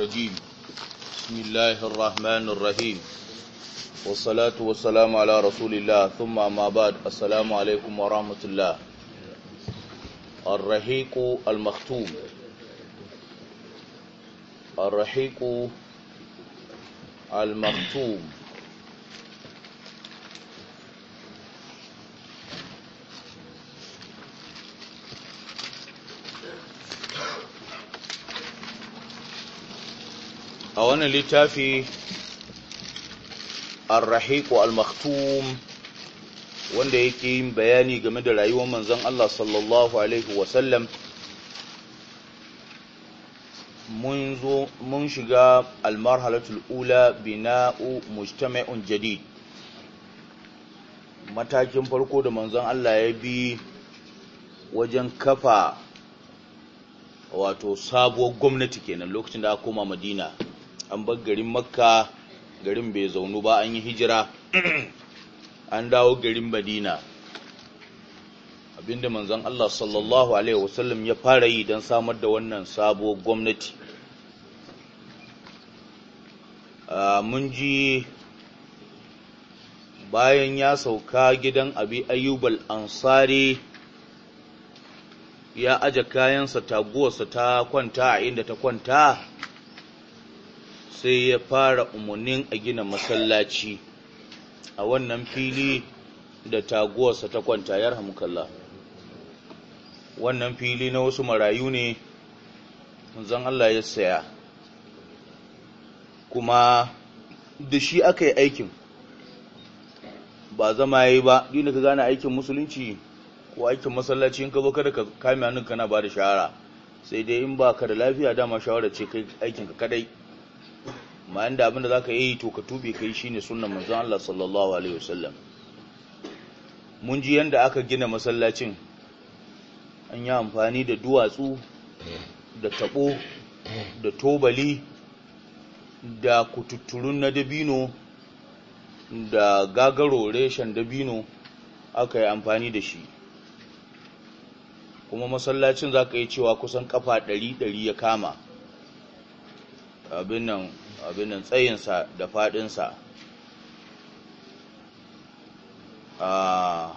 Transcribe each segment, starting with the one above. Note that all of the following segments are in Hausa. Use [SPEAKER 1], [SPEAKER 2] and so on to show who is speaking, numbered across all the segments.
[SPEAKER 1] الرجيم بسم الله الرحمن الرحيم والصلاة والسلام على رسول الله ثم ما بعد السلام عليكم ورحمة الله الرحيق المختوم الرحيق المختوم a wannan littafi arrahiku al-maktum wanda yake yin bayani game da rayuwar manzon Allah sallallahu alaihi wasallam mun mun shiga al-marhalatul ula bina'u mujtama'un jadid matakin farko da manzon Allah ya bi wajen kafa wato sabuwar gwamnati kenan lokacin da aka koma Madina an bar garin makka garin bai zaunu ba an yi hijira an dawo garin madina abinda manzon Allah sallallahu alaihi wasallam ya fara yi don samar da wannan sabuwar gwamnati mun ji bayan ya sauka gidan abi ayyubal ansari ya aje kayansa taguwarsa ta kwanta a inda ta kwanta sai ya fara umarnin a gina masallaci a wannan fili da taguwarsa ta kwanta ya rahamukalla wannan fili na wasu marayu ne zan Allah ya saya kuma da shi aka yi aikin ba zama ya yi ba dina ka gane aikin musulunci ko aikin masallaci in ka zo kada ka kame hannunka kana ba da shahara sai dai in ba ka da lafiya dama shawarar ce kai aikinka kadai amma inda abin da za ka yi to ka tube kai shi ne sunan "Manz'an Allah sallallahu Alaihi wasallam mun ji yadda aka gina masallacin an yi amfani da duwatsu da tabo da tobali da kututturun na dabino da gagaro reshen dabino aka yi amfani da shi kuma masallacin za ka yi cewa kusan kafa ɗari-ɗari ya kama abin nan Abinan tsayinsa da faɗinsa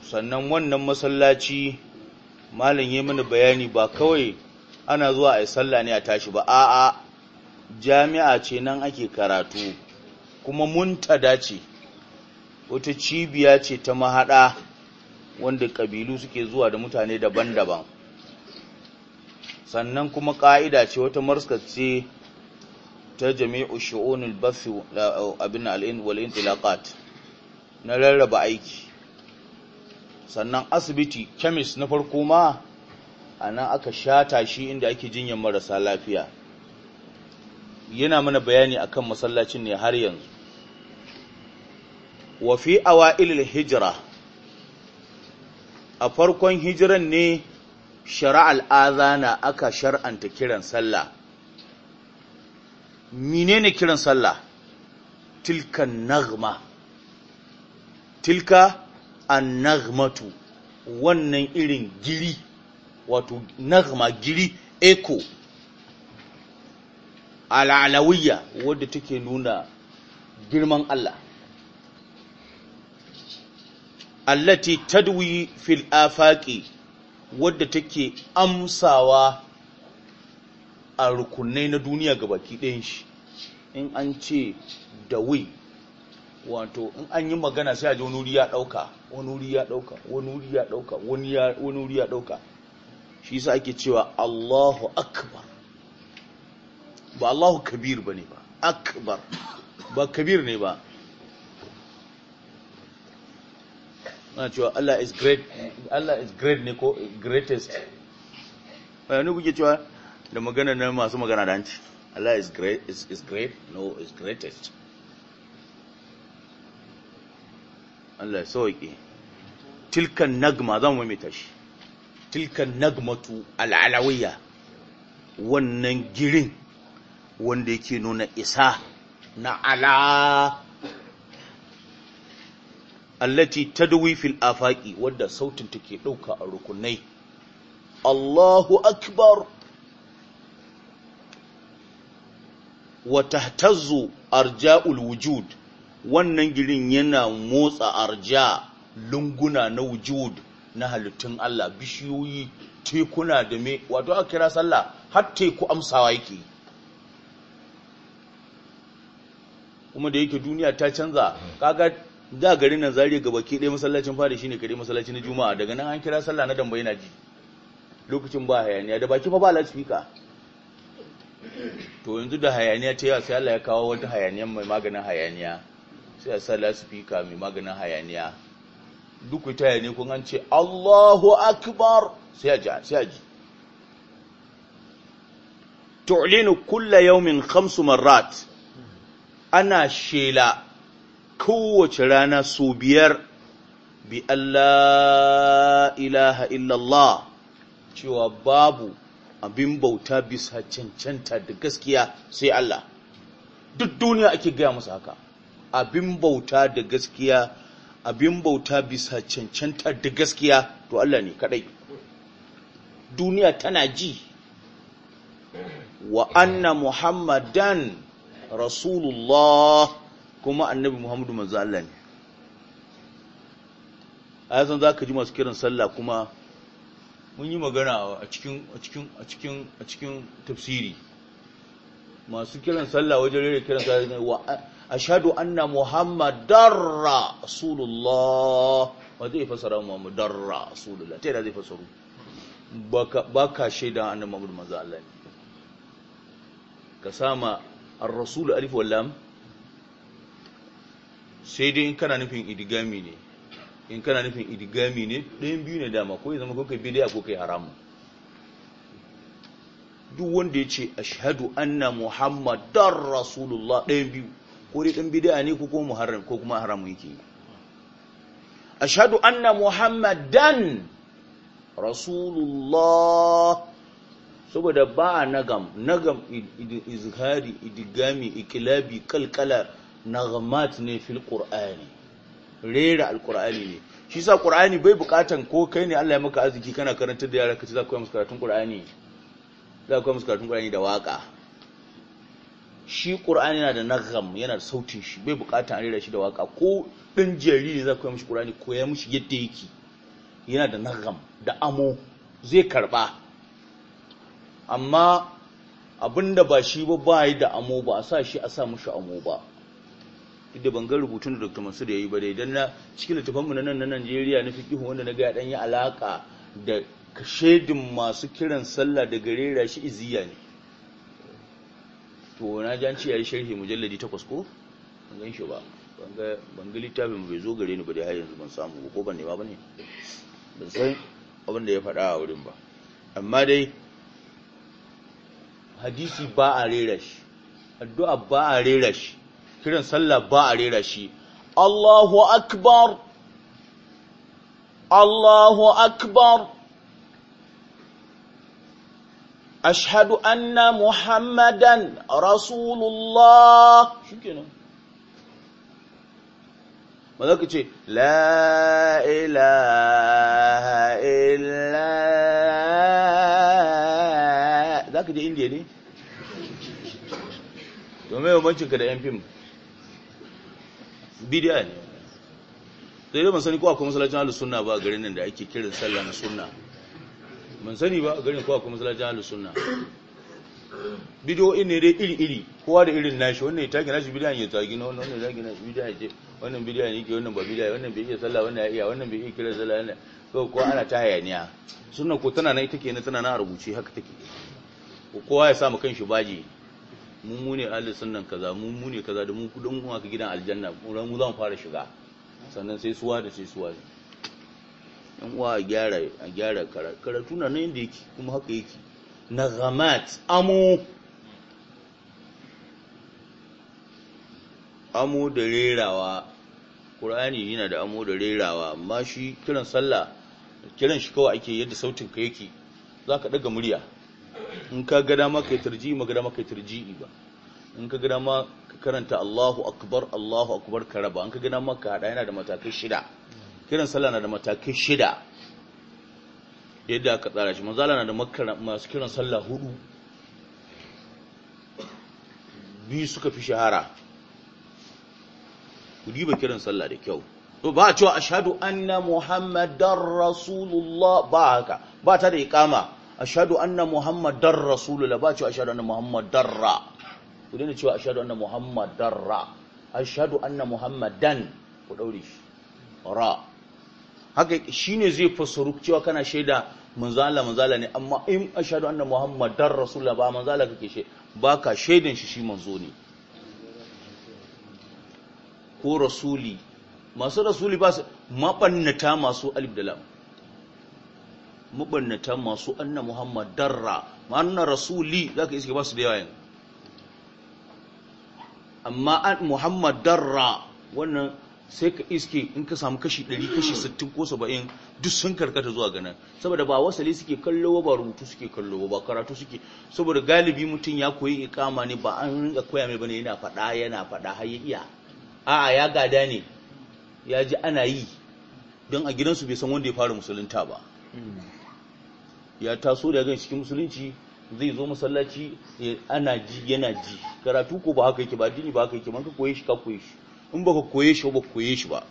[SPEAKER 1] sannan wannan masallaci malin yi mini bayani ba kawai ana zuwa a yi sallah ne a tashi ba a'a jami'a ce nan ake karatu kuma muntada ce wata cibiya ce ta mahaɗa wanda ƙabilu suke zuwa da mutane daban-daban sannan kuma ƙa'ida ce wata marskar ce ta jami'u shu'unul bathi abin al'in wal'in tilakat na rarraba aiki sannan asibiti chemist na farko ma a nan aka shata shi inda ake jinyar marasa lafiya yana mana bayani akan masallacin ne har yanzu Wafi awa awailil hijira. a farkon hijiran ne shara'al na aka shar'anta kiran sallah menene kiran sallah tilka nagma tilka annagmatu wannan irin giri wato nagma giri echo al'alawiyya wadda take nuna girman Allah allati tadwi fil afaqi wadda take amsawa a rukunai na duniya ga baki ɗayan shi in an ce da wai wato in an yi magana sai a ji wani ya ɗauka wani wuri ya ɗauka wani wuri ya ɗauka wani wuri ya ɗauka shi yasa ake cewa Allahu akbar ba Allahu kabir bane ba akbar ba kabir ne ba na cewa Allah is great Allah is great ne ko greatest bayani kuke cewa da magana na masu magana da hanci Allah is great is, is great no is greatest Allah yake tilkan nagma zan maimaita shi tilkan nagmatu al'alawiyya wannan girin wanda yake nuna isa na ala allati tadwi fil afaqi wadda sautin take dauka a rukunai Allahu akbar wa tahtazu arja'ul wujud wannan girin yana motsa arja lunguna na wujud na halittun Allah bishiyoyi tekuna da me wato a kira sallah har teku amsawa yake kuma da yake duniya ta canza kaga da garin nan Zaria ga baki ɗaya masallacin fada shine kare masallaci na juma'a daga nan an kira sallah na dambe yana ji lokacin ba hayaniya da baki fa ba loudspeaker to yanzu da hayaniya ta yawa sai Allah ya kawo wata hayaniya mai maganin hayaniya sai a sa lasifika mai maganin hayaniya duk ta hayaniya kun an ce Allahu akbar sai ji sai ji tu'linu kulla yawmin khamsu marrat ana shela kowace rana su biyar bi Allah ilaha illallah cewa babu abin bauta bisa cancanta da gaskiya sai Allah duk duniya ake gaya masa haka abin bauta da gaskiya abin bauta bisa cancanta da gaskiya to Allah ne kadai duniya tana ji wa anna muhammadan rasulullah kuma annabi muhammadu manzo Allah ne a yasan za ka ji masu kiran sallah kuma mun yi magana a cikin a cikin a cikin a cikin tafsiri masu kiran sallah wajen rere kiran sallah wa ashhadu anna muhammadar rasulullah wa zai fasara muhammadar rasulullah tai da zai fasaru Ba ka shaida annabi muhammad maza Allah ne ka sama ar rasulu alif wallam sai dai in kana nufin idigami ne in kana nufin idigami ne ɗayan biyu ne dama ko zama ko kai bid'a ko kai haramun duk wanda ya ce ashhadu anna muhammadar rasulullah ɗayan biyu ko dai ɗan bid'a ne ko kuma muharram ko kuma haramun yake ashhadu anna muhammadan rasulullah saboda ba a nagam nagam izhari idigami ikilabi kalkala nagamat ne fil qur'ani rera alkur'ani ne shi sa qur'ani bai bukatan ko kai ne Allah ya maka arziki kana karantar da yara kace za ku yi muskaratun da waka shi qur'ani yana da nagham yana da sautin shi bai bukatan rera shi da waka ko ɗan jariri za ku yi mishi qur'ani ko ya mishi yadda yake yana da nagham da amo zai karba amma abinda ba shi ba ba da amo ba a sa shi a sa mishi amo ba duk da bangar rubutun da Dr. Mansur yi ba dai don na cikin littafanmu na nan na Najeriya na fiqh wanda na ga dan yi alaƙa da shedin masu kiran sallah da gare shi iziya ne to na jan ya yi sharhi mujalladi takwas ko ban gan shi ba ban ga littafin bai zo gare ni ba da har yanzu ban samu ko ban nema ne. ban san abin da ya faɗa a wurin ba amma dai hadisi ba a rera shi addu'a ba a rera shi kiran sallah ba a rera shi Allahu akbar Allahu akbar ashhadu anna muhammadan rasulullah shikenan maza ka ce la ilaha illa za ka je indiya ne domin yawancinka da yan fim bidiya ne sai dai ban sani ko akwai masallacin ahlus sunna ba a garin nan da ake kiran sallah na sunna ban sani ba a garin ko akwai masallacin ahlus sunna bidiyoyin ne dai iri-iri kowa da irin nashi wannan ya taki nashi bidiyan ya tagi na wannan wannan ya taki nashi bidiyan ce wannan bidiyan yake wannan ba bidiya wannan bai iya sallah wannan ya iya wannan bai iya kira sallah wannan ko ko ana ta hayaniya sunna ko tana nan ita ke na, tana nan a rubuce haka take kowa ya sa kan kanshi baji Mun mu ahli sunnan kaza mun kaza da mu kudin mu aka gidan aljanna mun mu zan fara shiga sannan sai suwa da sai suwa yan uwa a gyara a gyara karatu na nan inda yake kuma haka yake nagamat amo amo da rerawa qur'ani yana da amo da rerawa amma shi kiran sallah kiran shi kawai ake yadda sautin ka yake zaka daga murya in ka ga dama kai tarji ma ga dama kai tarji'i ba in ka ga dama ka karanta Allahu akbar Allahu akbar ka raba in ka ga dama ka hada yana da matakai shida kiran sallah na da matakai shida yadda aka tsara shi manzala na da masu kiran sallah hudu biyu suka fi shahara ku diba kiran sallah da kyau to ba a cewa ashhadu anna muhammadar rasulullah ba haka ba ta da iqama ashhadu anna muhammadar sulula ba cewa ashhadu anna muhammadarra ku dina cewa ashhadu anna muhammadarra ashadu anna muhammadan ku ɗauri shi ra haka shine zai fasuru cewa kana shaida manzala manzala ne amma in ashadu anna muhammadar rasulullah ba manzala kake she baka shaidan shi shi manzo ne ko rasuli masu rasuli ba su mabannata masu alif da lam mabarnatan masu Annan muhammad darra ma'anna rasuli za ka iske ba da yawa amma muhammad darra wannan sai ka iske in ka samu kashi 100 kashi 60 ko 70 duk sun karkata zuwa ganin saboda ba wasali suke kallo ba rubutu suke kallo ba karatu suke saboda galibi mutum ya koyi ikama ne ba an rinka koya mai bane yana faɗa yana faɗa har ya iya a'a ya gada ne ya ji ana yi don a gidansu bai san wanda ya fara musulunta ba hmm. ya taso da gan cikin musulunci zai zo masallaci ana ji yana ji karatu ko ba haka yake ba addini ba haka yake man ka koye shi ka koye shi in baka koye shi ba koye shi ba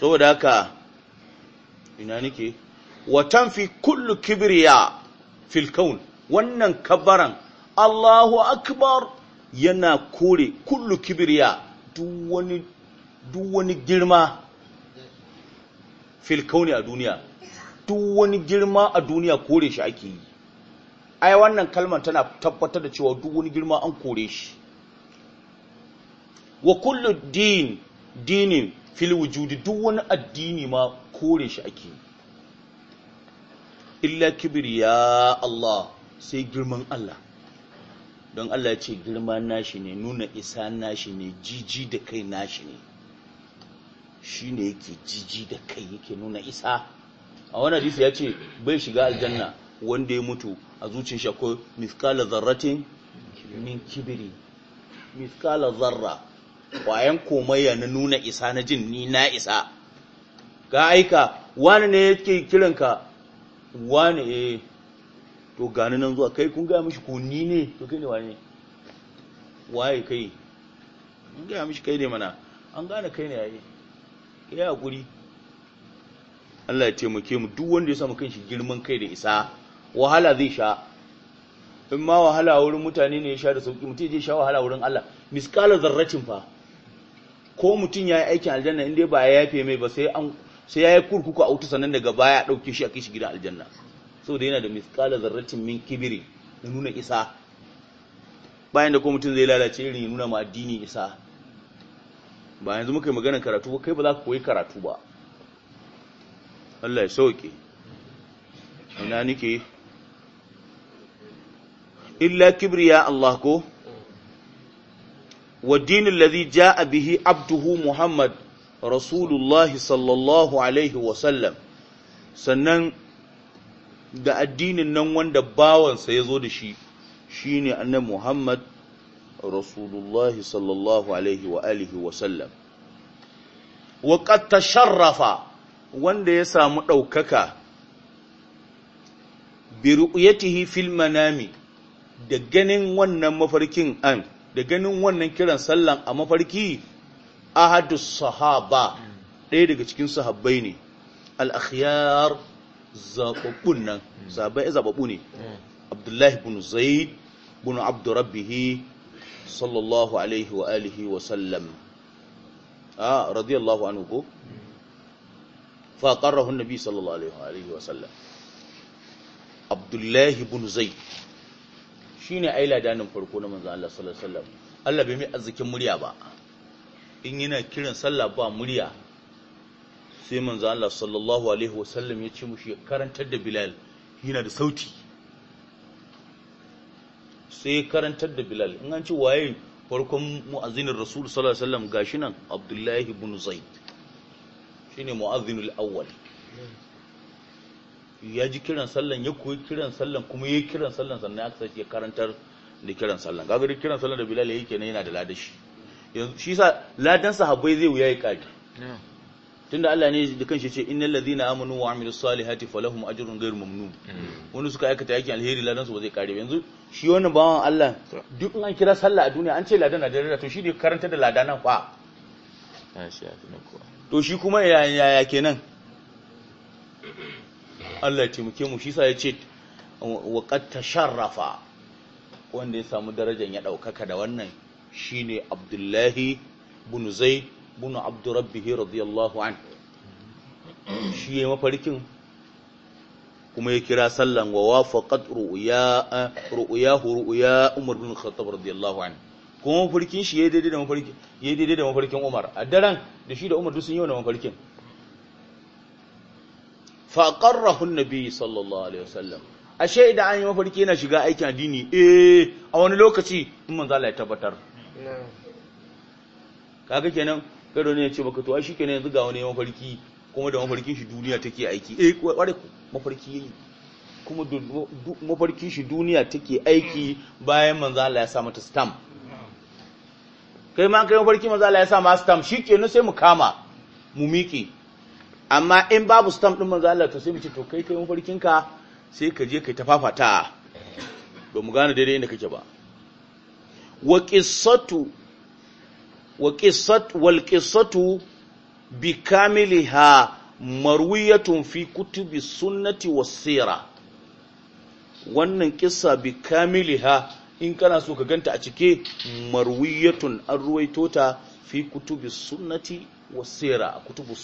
[SPEAKER 1] saboda haka ina nake wa fi kullu kibriya fil kaun wannan kabaran Allahu akbar yana kore kullu kibriya duk wani duk wani girma fil a duniya duk wani girma a duniya kore shi ake yi ai wannan kalmar tana tabbatar da cewa duk wani girma an kore shi wa kullu din dinin fil wujudi duk wani addini ma kore shi ake illa kibir ya Allah sai girman Allah don Allah ya ce girma nashi ne nuna isa nashi ne jiji da kai nashi ne ne yake jiji da kai yake nuna isa a wani hadisi ya ce bai shiga aljanna wanda ya mutu a zuciyar shi akwai mithqala zarratin min kibiri miskala zarra kwayan komaiya na nuna isa na jin ni na isa ga aika wani ne yake kiranka wani eh to gani nan zuwa kai kun gaya mishi ko ni ne to kai ne wani ne waye kai Mun gaya mishi kai ne mana an gane kai ne yayi ya haƙuri. Allah ya taimake mu duk wanda ya samu kanshi girman kai da isa wahala zai sha in ma wahala wurin mutane ne ya sha da sauki mutum zai sha wahala wurin Allah miskalar zarracin fa ko mutum ya yi aikin aljanna in dai ba ya yafe mai ba sai an sai ya yi kurkuku a wuta sannan daga baya ɗauke shi a kai shi gidan aljanna saboda yana da miskalar zarracin min kibiri da nuna isa bayan da ko mutum zai lalace irin ya nuna ma addini isa ba yanzu muka yi maganar karatu ba kai ba za ka koyi karatu ba Allah ya sauke ina nike illa kibriya Allah ko wa dinin ja a bihi abduhu Muhammad Rasulullah sallallahu alaihi wa sallam sannan da addinin nan wanda bawansa ya zo da shi shine annabi Muhammad rasulullahi sallallahu alaihi wa alihi wa sallam wa qad tasharrafa wanda ya samu daukaka bi ru'yatihi fil manami da ganin wannan mafarkin an da ganin wannan kiran sallan a mafarki ahadus sahaba ɗaya daga cikin sahabbai ne al-akhyar zababbun nan sahabbai zababbu ne hmm. abdullahi ibn zaid ibn abdurrabbih sallallahu alaihi wa alihi wa sallam a ah, radiyallahu anhu ko fa qarrahu an-nabi sallallahu alaihi wa sallam abdullahi ibn zaid shine ai ladanin farko na manzo Allah sallallahu alaihi wa sallam Allah bai mai arzikin murya ba in yana kiran sallah ba murya sai manzo Allah sallallahu alaihi wa sallam ya ce mushi karantar da Bilal yana da sauti sai karantar da bilal in an ci waye farkon mu'azzinin rasul sallallahu alaihi wasallam nan abdullahi ibn zaid shine mu'azzinul awwal ya ji kiran sallan ya koyi kiran sallan kuma ya kiran sallan sannan ya sace karantar da kiran sallan ga gari kiran sallan da bilal yake ne yana da ladashi yanzu shi sa ladan sahabbai zai wuya ya kage tunda Allah ne da kanshi ce innal ladhina amanu wa amilus salihati falahum ajrun ghairu mamnun hmm. wani suka aikata aikin alheri ladan su ba zai kare ba yanzu shi wannan bawan Allah duk an kira sallah a duniya an ce ladan na da to shi ne karanta da ladan kwa to shi kuma yaya kenan Allah ya taimake mu shi sa ya ce wa qad tasharrafa wanda ya samu darajar ya daukaka da wannan shine Abdullahi bin Zaid bunu abdurrabbihi radiyallahu an shi ya mafarkin kuma ya kira sallan wa wafaqat ru'ya ru'yahu ru'ya umar bin khattab radiyallahu an kuma mafarkin shi ya daidai da mafarkin ya daidai da mafarkin umar a daren da shi da umar duk sun yi wannan mafarkin fa qarrahu annabi sallallahu alaihi wasallam ashe idan an yi mafarki yana shiga aikin addini eh a wani lokaci in manzo Allah ya tabbatar kaga kenan kada ne ya ce baka to ai ne yanzu ga wani mafarki kuma da mafarkin shi duniya take aiki eh kware mafarki yayi kuma mafarkin shi duniya take aiki bayan manzo Allah ya sa mata stamp kai ma kai mafarki manzo Allah ya sa ma stamp ne sai mu kama mu miƙe amma in babu stamp din manzo Allah to sai mu ce to kai kai mafarkin ka sai ka je kai tafafata ba mu gane daidai inda kake ba wa qissatu wa qissat bikamiliha marwiyatun fi kutubi sunnati wa wannan kissa bikamiliha in kana so ka ganta a cike marwiyatun an ruwaito ta fi kutubi sunnati wa sira kutubu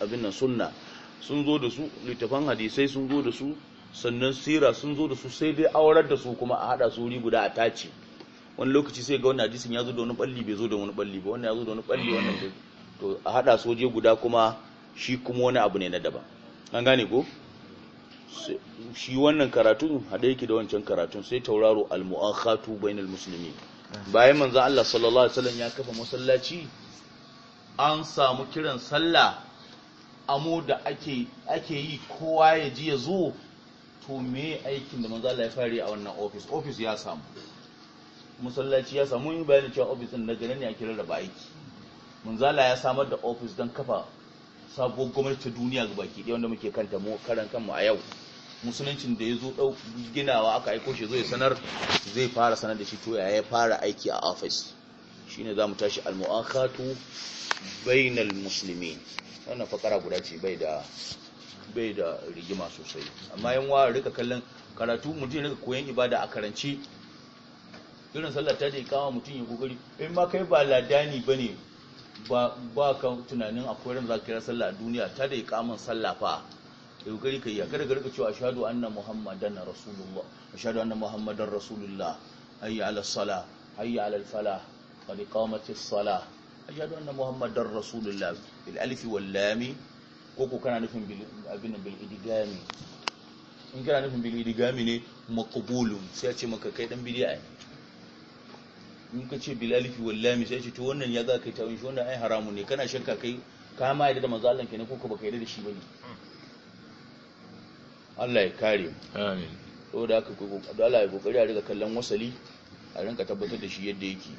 [SPEAKER 1] abin sunna sun zo da su littafan hadisai sun zo da su sannan sira sun zo da su sai dai aurar da su kuma a hada su guda a tace wani lokaci sai ga wannan hadisin ya zo da wani balli bai zo da wani balli ba wannan ya zo da wani balli wannan da to a hada soje guda kuma shi kuma wani abu ne na daban an gane ko shi wannan karatun hada yake da wancan karatun sai tauraro al-mu'akhatu bainal muslimin bayan manzo Allah sallallahu alaihi wasallam ya kafa masallaci an samu kiran sallah amo da ake ake yi kowa ya ji ya zo to me aikin da manzo Allah ya fare a wannan office office ya samu masallaci ya samu yi bayani cewa ofis din daga nan ne ake rarraba aiki munzala ya samar da ofis don kafa sabuwar gwamnati duniya ga baki ɗaya wanda muke kanta mu karan kanmu a yau musuluncin da ya zo ginawa aka aiko shi zai sanar zai fara sanar da shi to ya fara aiki a ofis shine mu tashi al-mu'akhatu bainal muslimin wannan fakara guda ce bai da bai da rigima sosai amma yan wa rika kallon karatu mutum rika koyon ibada a karanci irin sallah ta da kama mutum ya kokari in ma kai ba ladani bane ba ba ka tunanin akwai ran za ka kira sallah a duniya ta da kama sallah fa kai kokari kai a kada ka rika cewa ashhadu anna muhammadan rasulullah ashhadu anna muhammadan rasulullah hayya ala Sala, hayya ala falah qad qamatis salah ashhadu anna muhammadan rasulullah bil alif wal lam ko ko kana nufin bil abin bil idigami in kana nufin bil idigami ne maqbulun sai a ce maka kai dan bid'a ne in ka ce bil alifi wal sai ce to wannan ya za kai ta wani wannan ai haramu ne kana shakka kai ka ma yadda da manzo Allah kenan ko ka baka yadda da shi bane Allah ya kare mu da saboda haka ku Allah ya kokari a riga kallon wasali a rinka tabbatar da shi yadda yake